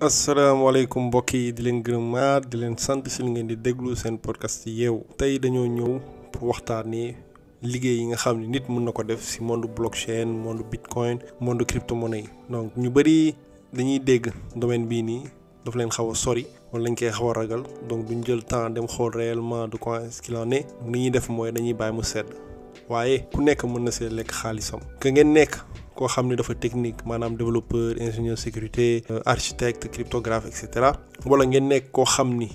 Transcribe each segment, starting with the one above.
asalaamaaleykum mbokk yi di leen gërëm gërëmaat di leen sant si li ngeen di déglu seen podcast yeewu tey dañoo ñëw pour waxtaanee liggéey yi nga xam ne nit mën na ko def si monde blockchain monde bitcoin monde crypto monnaie yi donc ñu bëri dañuy dégg domaine bii nii daf leen xaw a sori wala lañ koy xaw a ragal donc duñ jël temps dem xool réellement de quoi est-ce qu'il en ñi ñuy def mooy dañuy bàyyi mu sedd waaye ku nekk mën na see lekk xaalisam. que ngeen nekk. koo xam ne dafa technique maanaam développeur ingénieur sécurité euh, architecte cryptographe et cetera wala ngeen nekk koo xam ni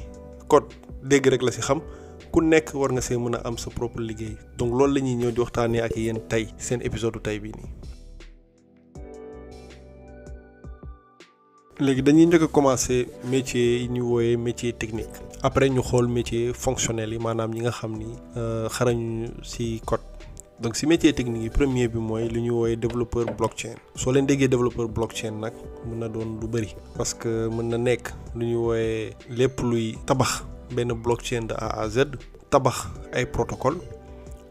code dégg rek la si xam ku nekk war nga see mën a am sa propre liggéey donc loolu la ñuy ñëw di waxtaanee ak yéen tey seen épisode tey bii nii. léegi dañuy njëkk a commencé métier yi ñu wooyee métier technique après ñu xool métier fonctionnel yi maanaam ñi nga xam ni euh, xarañu si code. donc si métier technique yi premier bi mooy lu ñu woowee développeur blockchain soo leen déggee développeur blockchain nag mën na doon lu bëri parce que mën na nekk lu ñuy woowee lépp luy tabax benn blockchain de A à Z tabax ay protocole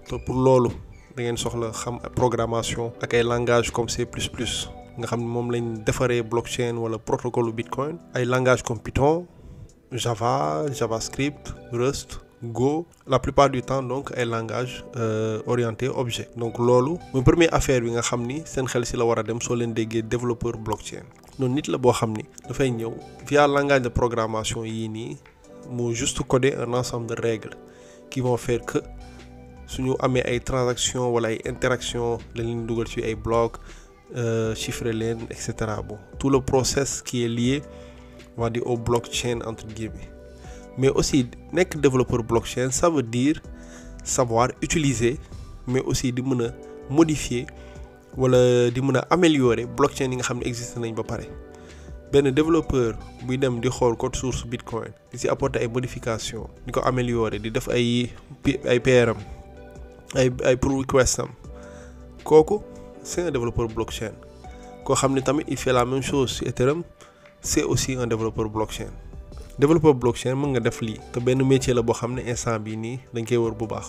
te pour loolu da ngeen soxla xam programmation ak ay langage comme C++ nga xam ne moom lañ defaree blockchain wala protocole bitcoin ay langage comme Python Java JavaScript Rust Go la plupart du temps donc ay langage euh, orienté objet donc loolu mooy première affaire bi nga xam ni seen xel si la war a dem soo leen déggee développeur blockchain noonu nit la boo xam ni dafay ñëw via langage de programmation yii nii mu juste coder un ensemble de règles qui vont faire su ñu amee ay transaction wala ay interaction la dugal ci ay blocs euh, chiffrer leen et cetera bon tout le process qui est lié on va dire entre blockchain bi mais aussi nekk développeur blockchain ça veut dire savoir utiliser mais aussi di mën a modifier wala di mën a améliorer blockchain yi nga xam ne existe nañ ba pare benn développeur buy dem di xool code source bitcoin di si apporter ay modification di ko améliorer di def ay pi ay PRM ay ay pull request am kooku c'est un développeur blockchain koo xam ne tamit il fait la même chose si Ethereum c'est aussi un développeur blockchain développeur blockchain mën nga def lii te benn métier la boo xam ne instant bii nii dañ koy wër bu baax.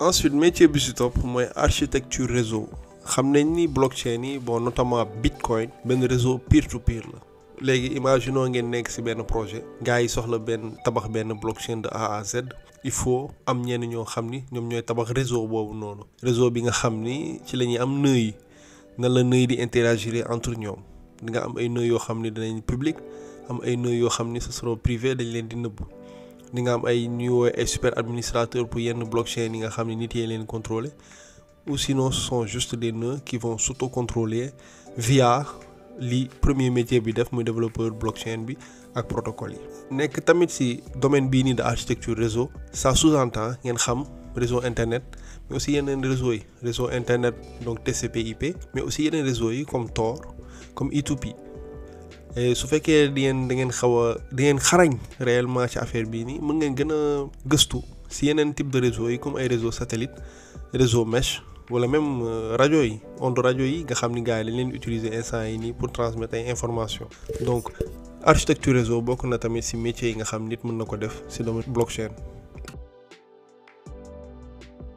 ensuite métier bi ci topp mooy architecture réseau xam nañ ni blockchain yi bon notamment bitcoin benn réseau peer to peer la. léegi imaginons ngeen nekk ci benn projet gars yi soxla benn tabax benn blockchain de A à Z il faut am ñenn ñoo xam ni ñoom ñooy tabax réseau boobu noonu réseau bi nga xam ni ci la ñuy am nœud na nan la nœud di interagir entre ñoom. di nga am ay nœud yoo xam ne dinañ public am ay nœud yoo xam ne ce sera privé dañ leen di nëbb di nga am ay ñuy woowee ay super administrateur pour yenn blockchain yi nga xam ne nit yee leen contrôler ou sinon ce sont juste des nœuds qui vont s'auto-contrôler via li premier métier bi def muy développeur blockchain bi ak protocol yi. nekk tamit si domaine bii nii de architecture réseau ça sous-entend ngeen xam réseau internet mais aussi yeneen réseau yi réseau internet donc TCP/IP mais aussi yeneen réseau yi comme Tor. comme E2P su fekkee di ngeen da ngeen xaw a da ngeen xarañ réellement ci affaire bii nii mën ngeen gën a gëstu si yeneen type de réseau yi comme ay réseau satellite réseau mesh wala même euh, rajo yi onde rajo yi nga xam ni gaa yi dañ leen utiliser instant yi nii pour transmettre ay information donc architecture réseau bokk na tamit si métier yi nga xam nit mën na ko def si domaine blockchain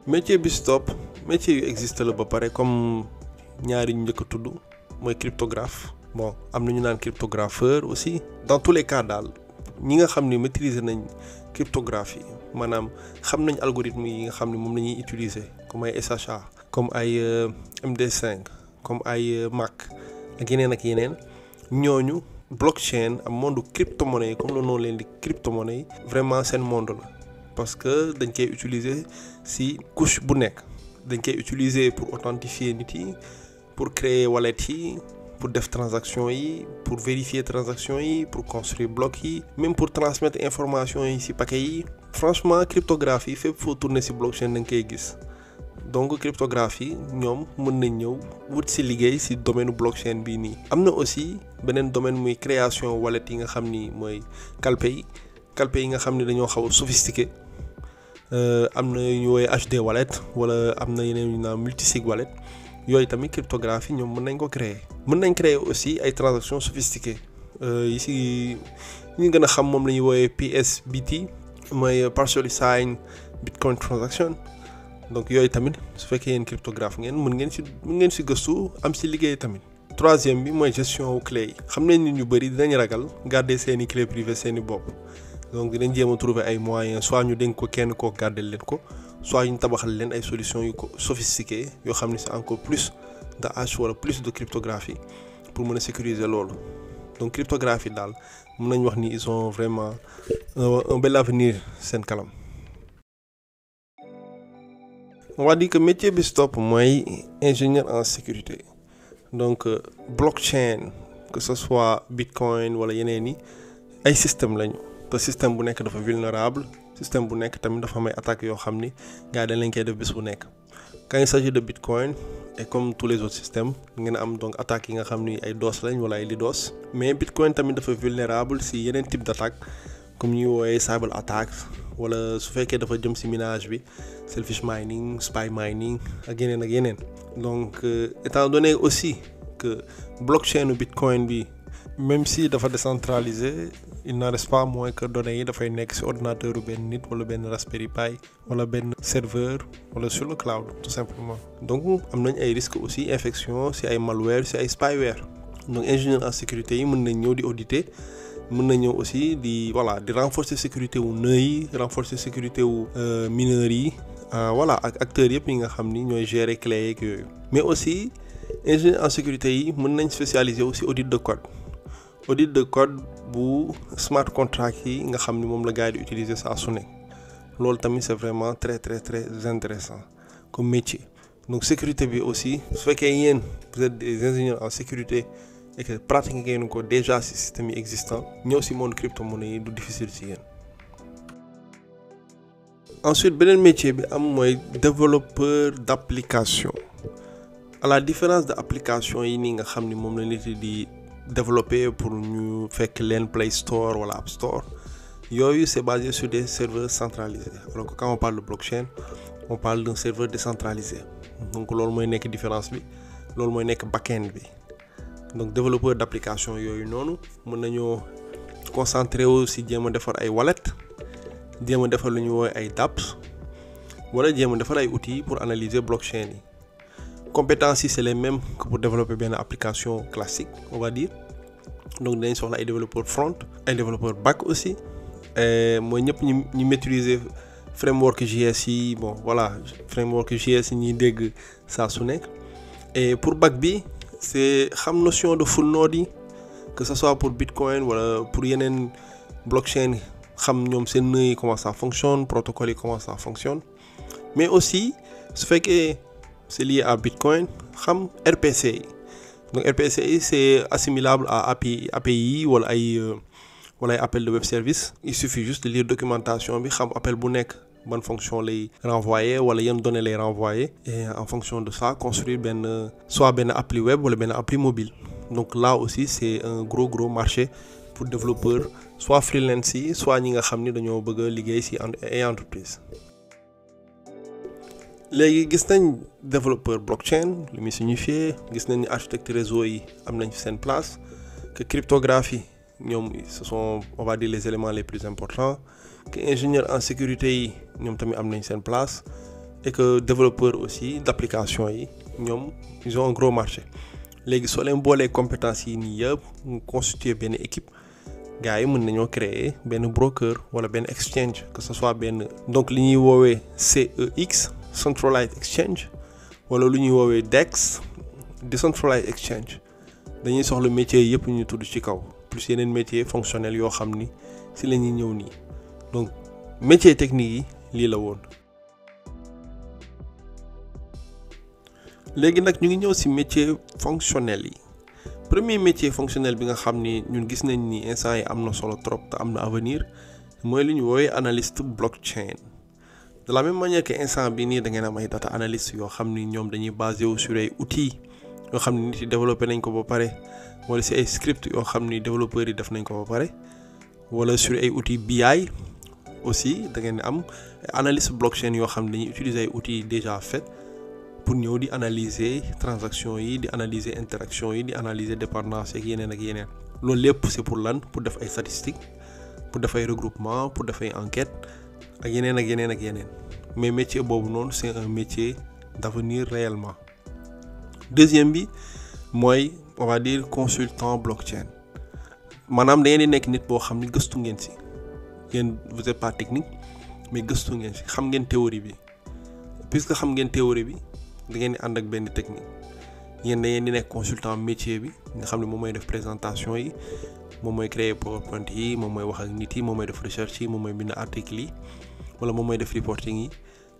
métier bi si topp métier yu existe la ba pare comme ñaari ñu njëkk tudd mooy cryptographe bon am na ñu naan cryptographeur aussi dans tous les cas daal ñi nga xam ni maîtriser nañ cryptographie maanaam xam nañ algorithme yi nga xam ne moom la ñuy utiliser comme ay SHA comme ay euh, MD5 comme ay euh, MAC ak yeneen ak yeneen ñooñu blockchain am monde cryptomonnaie comme la noonu leen di cryptomonnaie vraiment seen monde la parce que dañ koy utiliser si couche bu nekk dañ koy utiliser pour authentifier nit yi pour créer wallet yi pour def transaction yi pour vérifier transaction yi pour construire bloc yi même pour transmettre information yi ci paquet yi franchement cryptographie fépp foo tourner ci blockchain da nga koy gis donc cryptographie ñoom mën nañ ñëw wut ci liggéey ci domaine blockchain bii nii am na aussi beneen domaine muy création wallet yi nga xam ni mooy calpe yi calpe yi nga xam ni dañoo xaw a sophistiqué euh, am na ñu woowee HD wallet wala am na yeneen naa naan multisig wallet yooyu tamit cryptographie ñoom mën nañ ko créer mën nañ créer aussi ay transactions sophistiquées euh, yi si ñu gën a xam moom la ñuy wooyee PSBT mooy partially signed bitcoin transaction donc yooyu tamit su fekkee yéen cryptographe ngeen mën ngeen si mën ngeen si gëstu am si liggéey tamit. troisième bi mooy gestion wu clé xam nañ nit ñu bëri dinañ ragal garder seen i clé privée seen i bopp donc dinañ jéem a trouver ay moyens soit ñu dénk ko kenn koo garder leen ko. soit ñu tabaxal leen ay solution yu ko sophistiquées yoo xam ne c'est encore plus de hash wala plus de cryptographie pour mën a sécuriser loolu donc cryptographie daal mën nañu wax ni ils vraiment un, un bel avenir seen kalam on di dire que métier bi stop mooy ingénieur en sécurité donc euh, blockchain que ce soit bitcoin wala yeneen yi ay système lañu te système bu nekk dafa vulnérable. système bu nekk tamit dafa may attaque yoo xam ni gars yi dañ leen koy def bés bu nekk quand il s'agit de bitcoin et comme tous les autres systèmes ngeen am donc attaques yi nga xam ni ay doos lañ wala ay lidos mais bitcoin tamit dafa vulnérable si yeneen type d' attaque comme ñuy woowee cyber attaque wala su fekkee dafa jëm si minage bi selfish mining spy mining ak yeneen ak yeneen donc euh, étant donné aussi que blockchainu bitcoin bi même si dafa décentraliser il n'en reste pas moins que données yi dafay nekk ci ordinateur benn nit wala benn Raspberry Pi wala benn serveur wala sur le cloud tout simplement. donc am nañ ay risques aussi infection ci ay malware ci ay spyware donc ingénieur en sécurité yi mën nañ ñëw di auditer mën na ñëw aussi di voilà di renforcer sécurité wu nœud yi renforcer sécurité wu euh, mineurs yi euh, voilà ak acteurs yëpp yi nga xam ni ñooy gérer yooyu mais aussi ingénieur en sécurité yi mën nañ spécialiser aussi audit de code. audit de code bu smart contract yi nga xam ni moom la gars di utiliser saa su ne loolu tamit c'est vraiment très très très intéressant comme métier donc sécurité bi aussi su fekkee yéen vous êtes des ingénieurs en sécurité et ngeen ko déjà ci système yi existant ñëw ci monde crypto-monnaie yi du difficile ci yéen. ensuite beneen métier bi am mooy développeur d'application à la différence de application yi nii nga xam ni moom la nit di. développé pour ñu fekk leen Play Store wala App Store yooyu c'est basé sur des serveurs centralisés alors que quand on parle de blockchain on parle d'un serveur décentralisé donc loolu mooy nekk différence bi loolu mooy nekk backend bi donc développeur d'application yooyu noonu mën nañoo concentrer wu si jéem a defar ay wallet jéem a defar lu ñu woowee ay dApps wala jéem a defar ay outi pour analyser blockchain yi. compétences yi c'est les mêmes que pour développer benn application classique on va dire donc dañ soxla ay développeur front ay développeur back aussi mooy ñëpp ñu ñu maîtriser framework JS yi bon voilà framework JS yi ñuy dégg saa su nekk e pour back bi c'est xam notion de full node yi que sa soit pour Bitcoin wala pour yeneen blockchain xam ñoom seen nœud yi comment ça fonctionne protocole yi comment ça fonctionne mais aussi su fekkee c'est lié à Bitcoin xam RPC yi donc RPC yi c'est assimilable à API API wala ay euh, wala ay appel de web service il suffit juste de documentation bi xam appel bu nekk ban fonction lay renvoyer wala yan données lay renvoyer et en fonction de ça construire benn soit benn appli web wala benn appli mobile donc là aussi c'est un gros gros marché pour développeurs soit freelance yi soit ñi nga xam ni dañoo bëgg a liggéey ci ay entreprise léegi gis nañ développeur blockchain lu muy signifier gis nañ ni architecte réseau yi am nañ seen place que cryptographie ñoom ce sont on va dire les éléments les plus importants que ingénieur en sécurité yi ñoom tamit am nañ seen place et que développeur aussi d'application yi ñoom ils ont un gros marché léegi soo leen boolee compétences yi nii yëpp mu constituer benn équipe gars yi mën nañoo créer benn broker wala benn exchange que ce soit benn donc li ñuy woowee CEX. centralized exchange wala lu ñuy woowee DEX decentralized exchange dañuy soxla métier yëpp ñu tudd ci kaw plus yeneen métier fonctionnel yoo xam ni si la ñuy ñëw nii donc métier technique yi lii la woon. léegi nag ñu ngi ñëw si métier fonctionnel yi premier métier fonctionnel bi nga xam ni ñun gis nañ ni instant yi am na solo trop te am na avenir mooy lu ñuy woowee analyste blockchain de la même manière que instant bi nii da ngeen am ay data analyst yoo xam ni ñoom dañuy basé wu sur ay outils yoo xam ni nit yi développé nañ ko ba pare wala si ay script yoo xam ni développeurs yi def nañ ko ba pare wala sur ay outils BI aussi da ngeen am analyste blockchain yoo xam ne dañuy utiliser ay outils déjà fait pour ñëw di analyser transaction yi di analyser interaction yi di analyser dépendance ak yeneen ak yeneen loolu lépp c'est pour lan pour def ay statistiques pour def ay regroupement pour enquêtes ak yeneen ak yeneen ak yeneen mais métier boobu noonu c'est un métier niir réellement deuxième bi mooy on va dire consultant blockchain maanaam da ngeen di nekk nit boo xam ne gëstu ngeen si yéen vous êtes gëstu ngeen xam ngeen théorie bi puisque xam ngeen théorie bi da ngeen di ànd ak benn technique yéen da di nekk consultant métier bi nga xam ne mooy def présentation yi moom mooy créer PowerPoint yi moom mooy wax ak nit yi moom mooy def recherche yi moom mooy bind article yi wala moom mooy def reporting yi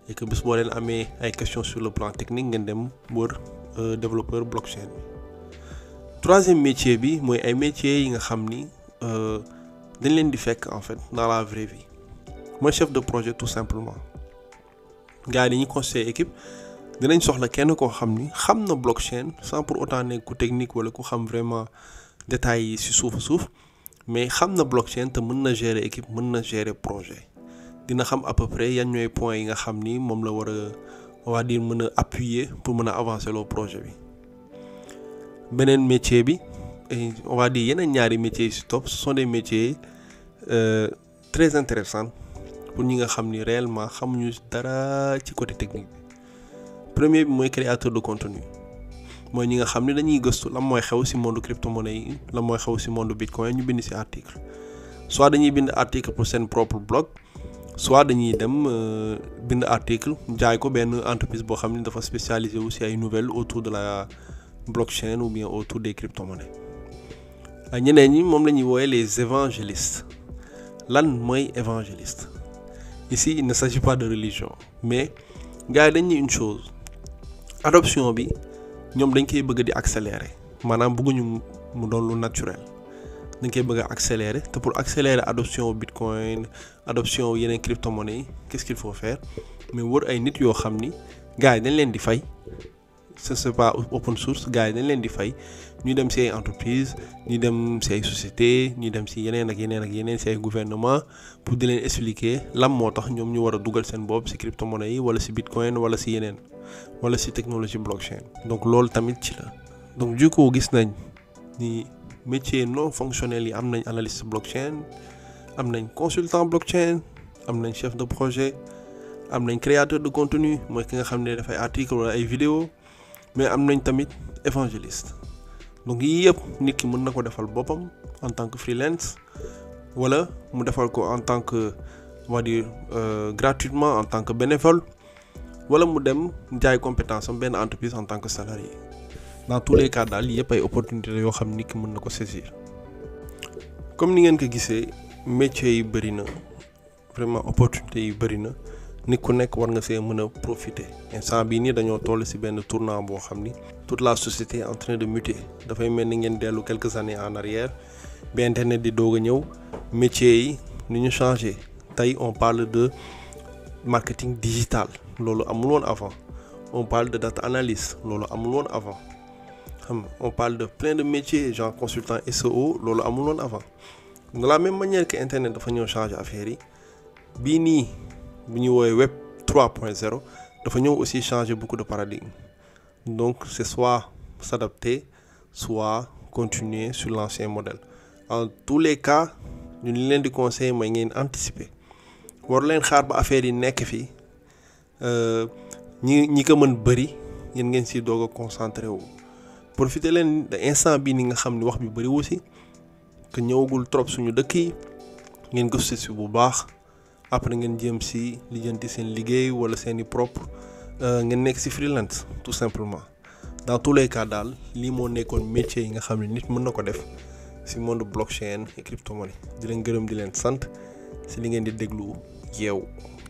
et que bis boo leen amee ay questions sur le plan technique ngeen dem wër euh, développeur blockchain bi troisième métier bi mooy ay métiers yi nga xam ni euh, dañ leen di fekk en fait dans la vraie vie mooy chef de projet tout simplement gars yi ñu conseiller équipe dinañ soxla kenn koo xam ni xam na blockchain sans pour autant nekk ku technique wala ku xam vraiment détails yi si suuf suuf mais xam na blockchain te mën na gérer équipe mën na gérer projet. dina xam à peu près yan ñooy point yi nga xam ni moom la war a on va mën a appuyer pour mën a avancer loo projet bi beneen métier bi on va yeneen ñaari métiers yi si topp ce sont des métiers euh, très pour ñi nga xam ni réellement xamuñu dara ci côté technique bi premier bi mooy créateur de contenu mooy ñi nga xam ni dañuy gëstu lan mooy xew si monde crypto monnaie yi lan mooy xew si monde bitcoin ñu bind si article soit dañuy bind article pour seen propre blog. soit dañuy dem euh, bind article jaay ko benn entreprise boo xam ne dafa spécialisé wu si ay nouvelles autour de la blockchain ou bien autour des cryptomonnaies ah, ñeneen ñi moom la ñuy wooyee les évangélistes lan mooy évangéliste ici il ne s'agit pas de religion mais gars yi une chose adoption bi ñoom dañ koy bëgg di accélérer maanaam bëgguñu mu doon lu naturel da nga koy bëgg a accélérer te pour accélérer adoption bitcoin adoption yeneen cryptomonnaies yi qu'est-ce qu'il faut faire mais wër ay nit yoo xam ni gars yi dañ leen di fay ce c'est pas open source gars yi dañ leen di fay ñu dem ci ay entreprise ñu dem ci ay société ñuy dem ci yeneen ak yeneen ak yeneen ci ay gouvernement pour di leen expliquer lan moo tax ñoom ñu war a dugal seen bopp ci cryptomonnaies yi wala ci bitcoin wala ci yeneen wala ci technologie blockchain métier non fonctionnel yi am nañ analyste blockchain am nañ consultant blockchain am nañ chef de projet am nañ créateur de continue mooy ki nga xam ne dafay article wala ay vidéo mais am nañ tamit évangéliste donc yii yëpp nit ki mën na ko defal boppam en tant que freelance wala mu defal ko en tant que on va dire euh, gratuitement en tant que bénévole wala mu dem jaay compétence am benn entreprise en tant que salarié dans tous les cas daal ay opportunité yoo xam ni ki mën na ko saisir comme ni ngeen ko gisee métier yi bëri na vraiment opportunité yi bëri na nit ku nekk war nga see mën a profiter instant bii nii dañoo toll ci benn tournant boo xam ni tout la société est de muter dafay mel ni ngeen dellu quelques années en arrière bi internet di doog a ñëw métier yi ni ñu changé tey on parle de marketing digital loolu amul woon avant on parle de data analyse loolu amul woon avant xam on parle de plein de métiers genre consultant SEO loolu amul woon avant de la même manière que internet dafa ñëw changer affaire yi bii nii bu ñuy woowee web 3.0 dafa ñëw aussi changer beaucoup de paradigme donc c'est soit s'adapter soit continuer sur l'ancien modèle en tous les cas ñu li leen di conseil mooy ngeen anticiper war leen xaar ba affaire yi nekk fii euh, ñi ñi ko mën bëri yéen ngeen si doog a concentré wu profité leen instant bii ni nga xam ni wax bi bëri wu si que ñëwagul trop suñu dëkk yi ngeen gëstu si bu baax après ngeen jëm si lijjanti seen liggéey wala seen i propre euh, ngeen nekk si freelance tout simplement dans tous daal lii moo nekkoon métier yi nga xam ne nit mën na ko def si monde blockchain et crypto monnaie di leen gërëm di leen sant si li ngeen di déglu yeew